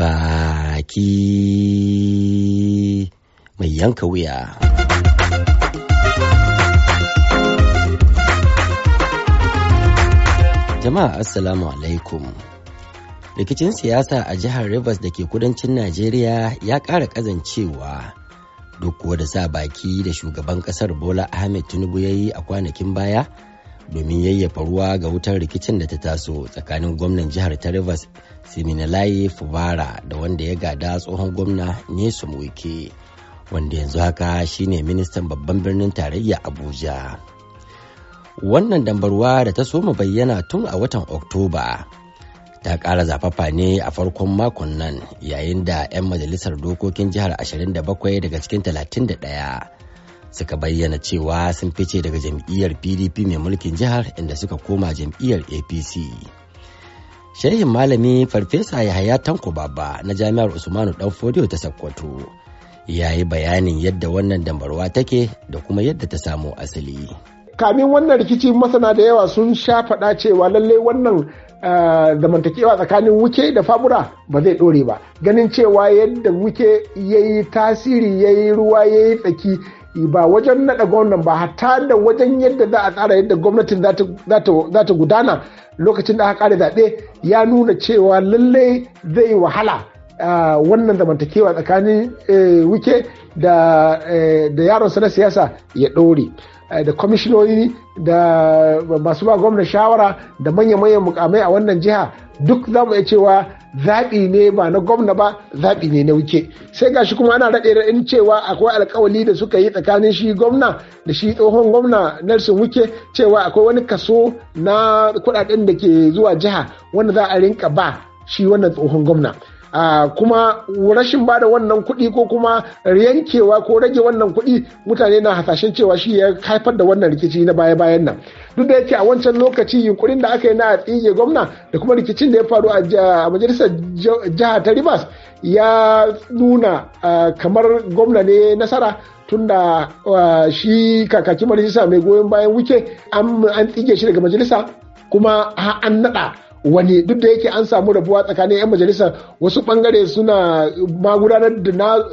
baki mai yanka wuya. Jama'a Assalamu alaikum. Rikicin siyasa a jihar Rivers da ke kudancin Najeriya ya ƙara ƙazancewa duk kuwa da sa baki da shugaban ƙasar Bola Ahmed Tinubu ya yi a kwanakin baya domin yayyafa ruwa ga wutar rikicin da ta taso tsakanin gwamnan jihar ta rivers siminalayi fubara da wanda ya gada tsohon gwamna nyesom wike wanda yanzu haka shine ministan babban birnin tarayya abuja wannan dambarwa da ta soma bayyana tun a watan oktoba ta ƙara zafafa ne a farkon makon nan yayin da 'yan majalisar dokokin jihar 27 daga cikin 31 suka bayyana cewa sun fice daga jam'iyyar pdp mai mulkin jihar inda suka koma jam'iyyar apc shehin malami farfesa yahaya tanko baba na jami'ar usmanu danfodiyo ta sakkwato ya yi bayanin yadda wannan dambarwa take da kuma yadda ta samo asali kamin wannan rikici masana da yawa sun sha faɗa cewa lallai wannan eh, zamantakewa tsakanin wuke da fabura ba zai ɗore ba ganin cewa yadda wuke ya yi tasiri ya yi ruwa ya yi tsaki ba wajen naɗa gwamnan ba hatta da wajen yadda za a tsara yadda gwamnatin za ta gudana lokacin da aka ƙare zaɓe ya nuna cewa lallai zai wahala wannan zamantakewa tsakanin e, wike e, da yaronsa na siyasa ya ɗore e, da kwamishinoni da masu ba gwamna shawara da manya-manyan mukamai a wannan jiha duk za mu iya cewa zaɓi ne ba na gwamna ba zaɓi ne na wuke sai gashi kuma ana raɗe raɗin cewa akwai alkawali da suka yi tsakanin shi gwamna da shi tsohon gwamna nelson wike cewa akwai wani kaso na kuɗaɗen da ke zuwa jiha wanda za a rinka ba shi wannan tsohon gwamna Ah, kuma rashin bada wannan kuɗi ko kuma yankewa ko rage wannan kuɗi mutane na hasashen cewa shi ya haifar da wannan rikici na baya-bayan nan duk da yake a wancan lokaci yunkurin da aka yi na tsige gwamna da kuma rikicin da ya faru a majalisar jiha ta rivers ya nuna ah, kamar gwamna ne nasara tunda ah, shi kakakin majalisa mai goyon bayan wuke an tsige shi daga majalisa kuma an naɗa wani duk da yake an samu rabuwa tsakanin 'yan majalisa wasu bangare suna ma da na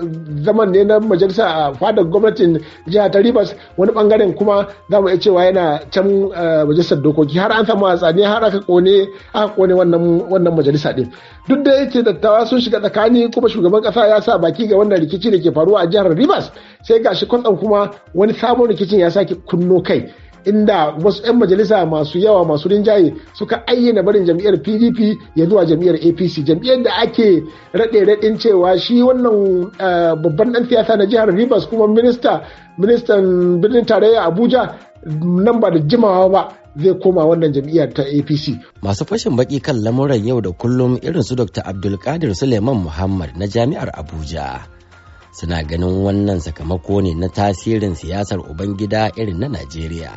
zaman ne na majalisa a fadar gwamnatin jihar ta rivers wani bangaren kuma za mu iya cewa yana can eh, majalisar dokoki har an samu hatsani har aka kone aka kone wannan majalisa din duk da yake dattawa sun shiga tsakani kuma shugaban kasa ya sa baki ga wannan rikici da ke faruwa a jihar rivers sai gashi kwatsam kuma wani sabon rikicin ya sake kunno kai inda wasu 'yan majalisa masu yawa masu rinjaye suka ayyana barin jam'iyyar pdp ya zuwa jam'iyyar apc jam'iyyar da ake raɗe raɗin cewa shi wannan eh, babban ɗan siyasa na jihar rivers kuma minista ministan birnin tarayya abuja nan ba da jimawa ba zai koma wannan jam'iyyar ta apc masu fashin baki kan lamuran yau da kullum irin su dr abdulkadir suleiman muhammad na jami'ar abuja suna ganin wannan sakamako ne na tasirin siyasar ubangida irin na najeriya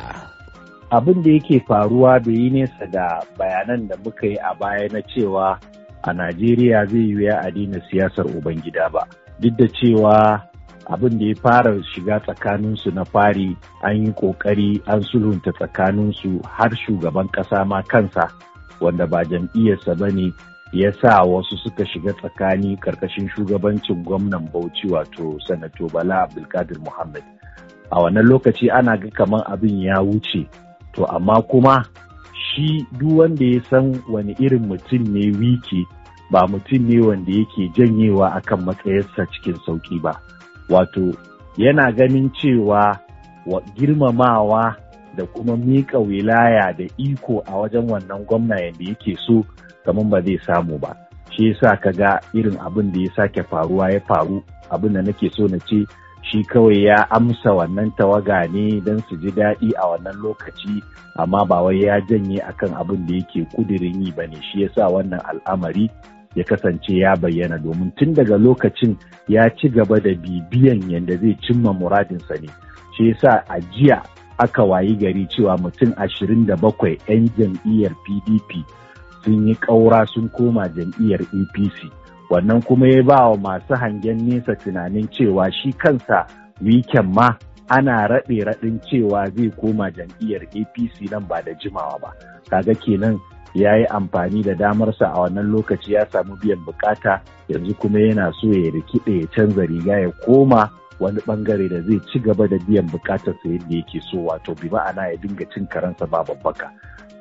abin da yake faruwa da yi nesa da bayanan da muka yi a baya na cewa a najeriya zai yi a daina siyasar ubangida ba duk da cewa abin da ya fara shiga tsakaninsu na fari an yi ƙoƙari an sulhunta tsakaninsu har shugaban ƙasa ma kansa wanda ba jam'iyyarsa ba ne ya sa wasu suka shiga tsakani karkashin shugabancin gwamnan bauchi wato sanato bala abdulkadir muhammad a wannan lokaci ana ga kamar abin ya wuce to amma kuma shi duk wanda ya san wani irin mutum ne wiki ba mutum ne wanda yake janyewa akan matsayarsa cikin sauki ba wato yana ganin cewa wa girmamawa da kuma miƙa wilaya da iko a wajen wannan gwamna yadda yake so kamar ba zai samu ba shi yasa ka ga irin abin da ya sake faruwa ya faru abin da nake so na ce shi kawai ya amsa wannan tawaga ne don su ji daɗi a wannan lokaci amma ba wai ya janye akan abin da yake kudirin yi ba ne shi yasa wannan al'amari ya kasance ya bayyana domin tun daga lokacin ya ci gaba da bibiyan yadda zai cimma muradinsa ne shi yasa a jiya aka wayi gari cewa mutum ashirin da bakwai 'yan jam'iyyar pdp sun yi ƙaura sun koma jam'iyyar apc wannan kuma ya ba wa masu hangen nesa tunanin cewa shi kansa wiken ma ana raɗe raɗin cewa zai koma jam'iyyar apc nan ba da jimawa ba kaga kenan ya yi amfani da damarsa a wannan lokaci ya samu biyan bukata yanzu kuma yana so ya rikide ya canza riga ya koma wani bangare da zai ci gaba da biyan bukatarsa yadda yake so wato bi ma'ana ya dinga cin karansa ba babbaka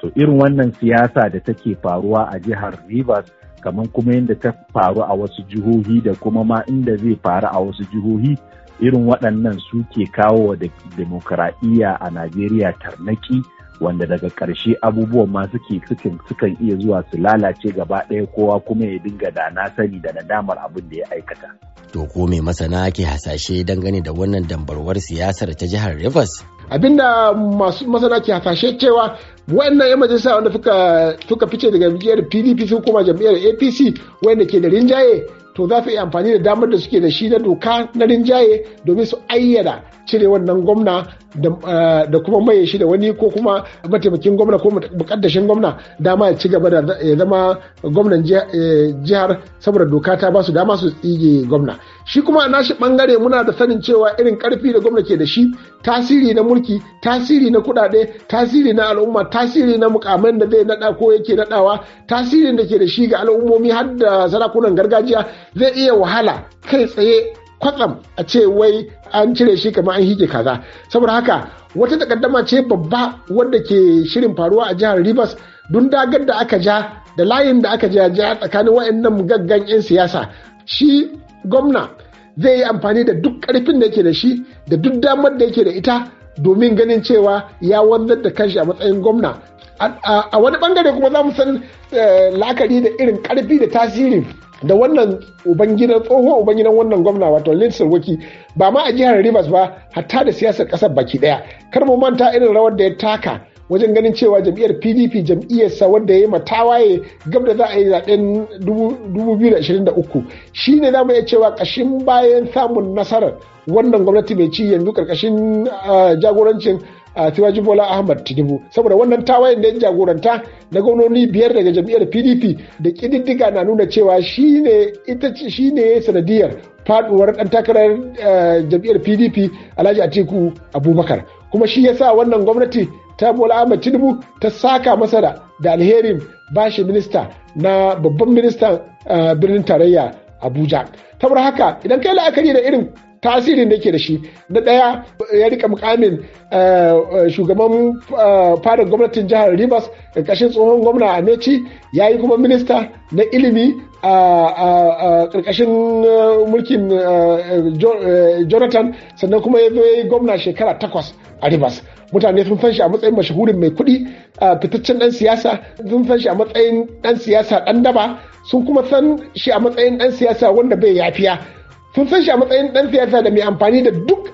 to irin wannan siyasa da take faruwa a jihar rivers kamar kuma yadda ta faru a wasu jihohi da kuma ma inda zai faru a wasu jihohi irin waɗannan suke kawo da demokuraɗiyya a najeriya tarnaki wanda daga ƙarshe abubuwan ma suke sukan iya zuwa su lalace gaba ɗaya kowa kuma ya dinga da na sani da nadamar abin da ya aikata. To ko mai masana ke hasashe dangane da wannan dambarwar siyasar ta jihar Rivers? Abinda masu masana ke hasashe cewa wannan yan majalisa wanda suka fice daga jam'iyyar pdp sun koma jam'iyyar apc wanda ke da rinjaye to za su yi amfani da damar da suke da shi na doka na rinjaye domin su ayyana cire wannan gwamna da eh, kuma maye shi da wani ko kuma mataimakin gwamna ko mukaddashin gwamna dama ya ci gaba da ya zama gwamnan eh, jihar saboda doka ta ba su dama su tsige gwamna shi kuma a shi bangare muna da sanin cewa irin karfi da gwamna ke da shi tasiri na mulki tasiri na kudade tasiri na al'umma tasiri na mukamman da zai nada ko yake nadawa tasirin da ke da shi ga al'ummomi har da sarakunan gargajiya zai iya wahala kai tsaye kwatsam a ce wai an cire shi kamar an hike kaza saboda haka wata takaddama ce babba wadda ke shirin faruwa a jihar rivers don dagar da aka ja da layin da aka ja ja tsakanin waɗannan gaggan 'yan siyasa shi gwamna zai yi amfani da duk karfin da yake da shi da duk damar da yake da ita domin ganin cewa ya wanzar da kanshi a matsayin gwamna a wani bangare kuma za mu san eh, la'akari da irin karfi da tasiri da wannan ubangidan tsohon ubangidan wannan gwamna wato Lindsey waki ba ma a jihar Rivers ba hatta da siyasar kasar baki daya kar mu manta irin rawar da ya taka wajen ganin cewa jam'iyyar pdp jam'iyyarsa wanda ya yi matawaye gab da za a yi zaben 2023 shi ne za mu iya cewa kashin bayan samun nasarar wannan gwamnati mai ci yanzu karkashin eh, jagorancin a Tiwaji Bola Ahmad Tinubu saboda wannan tawayen da ya jagoranta na gwamnoni biyar daga jami'ar PDP da kididdiga na nuna cewa shine ita shine sanadiyar faduwar dan takarar eh, jam'iyyar PDP Alhaji Atiku Abubakar kuma shi yasa wannan gwamnati ta Bola Ahmad Tinubu ta saka masa da alherin bashi minista na babban ministan eh, birnin tarayya Abuja. Tabar haka idan kai la'akari da irin tasirin da ke da shi na ɗaya ya rika mukamin eh, eh, shugaban eh, fadar gwamnatin jihar rivers ƙarƙashin tsohon gwamna amechi ya yi kuma minista na ilimi a ƙarƙashin mulkin jonathan sannan kuma ya zo yi gwamna shekara takwas a rivers mutane sun fanshi a matsayin mashahurin mai kuɗi fitaccen ɗan siyasa sun fanshi a matsayin ɗan siyasa ɗan daba sun kuma san shi a matsayin ɗan siyasa wanda bai yafiya sun san shi a matsayin ɗan siyasa da mai amfani da duk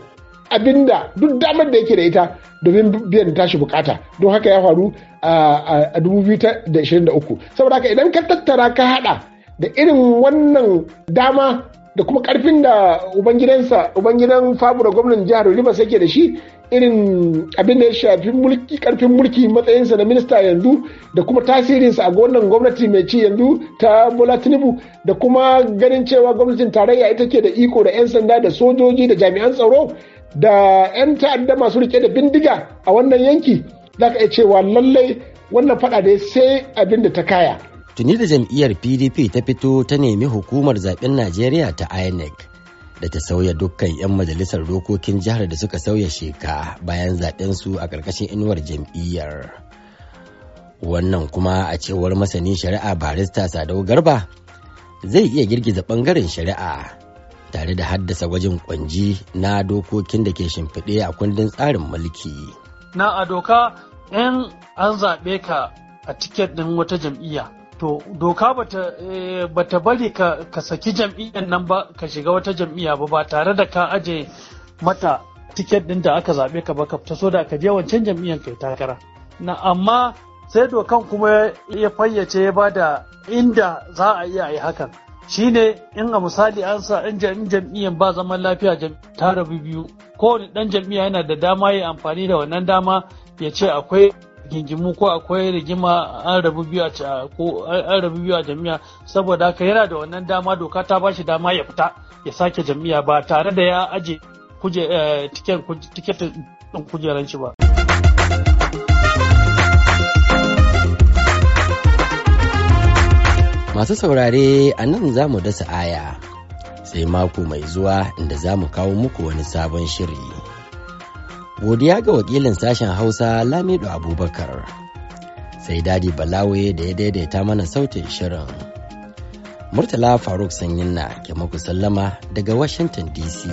abin duk damar da yake da ita domin biyan tashi bukata don haka ya faru a 2023 saboda haka idan ka tattara ka hada da irin wannan dama da kuma karfin da ubangidansa ubangidan da gwamnan jihar rivers yake da shi irin abin da ya shafi mulki karfin mulki matsayinsa na minista yanzu da kuma tasirinsa a wannan gwamnati mai ci yanzu ta bola tinubu da kuma ganin cewa gwamnatin tarayya ita ke da iko da 'yan sanda da sojoji da jami'an tsaro da 'yan ta'adda masu rike da bindiga a wannan yanki za ka iya cewa lallai wannan fada da sai abin da ta kaya tuni da jam'iyyar pdp ta fito ta nemi hukumar zaben najeriya ta inec da ta sauya dukkan 'yan majalisar dokokin jihar da suka sauya sheka bayan zaben su a ƙarƙashin inuwar jam'iyyar wannan kuma a cewar masanin shari'a barista sadau garba zai iya girgiza ɓangaren shari'a tare da haddasa gwajin kwanji na dokokin da ke shimfiɗe a kundin tsarin mulki na a doka in an zaɓe ka a tiket ɗin wata jam'iyya to doka bata eh, bari ka, ka saki jam'iyyar nan ba ka shiga wata jam'iyya ba ba tare da ka aje mata tiket din da aka zaɓe ka ba ka fita so da ka je wancan jam'iyyar kai takara na amma sai dokan kuma ya fayyace ya ba da inda za a iya yi hakan shine in a misali an sa in jam'iyyar ba zaman lafiya ta biyu kowane dan jam'iyya yana da dama ya amfani da wannan dama ya ce akwai gingimu ko akwai rigima an rabu biyu a ko an rabu biyu a jami'a saboda haka yana da wannan dama doka ta bashi dama ya fita ya sake jami'a ba tare da ya aje kuje eh, tiketin kujeran shi ba masu saurare a nan za mu dasa aya sai mako mai zuwa inda za mu kawo muku wani sabon shiri godiya ga wakilin sashen hausa lamido abubakar sai dadi balawe da ya daidaita mana sautin shirin murtala faruk sanyin na ke muku sallama daga washington dc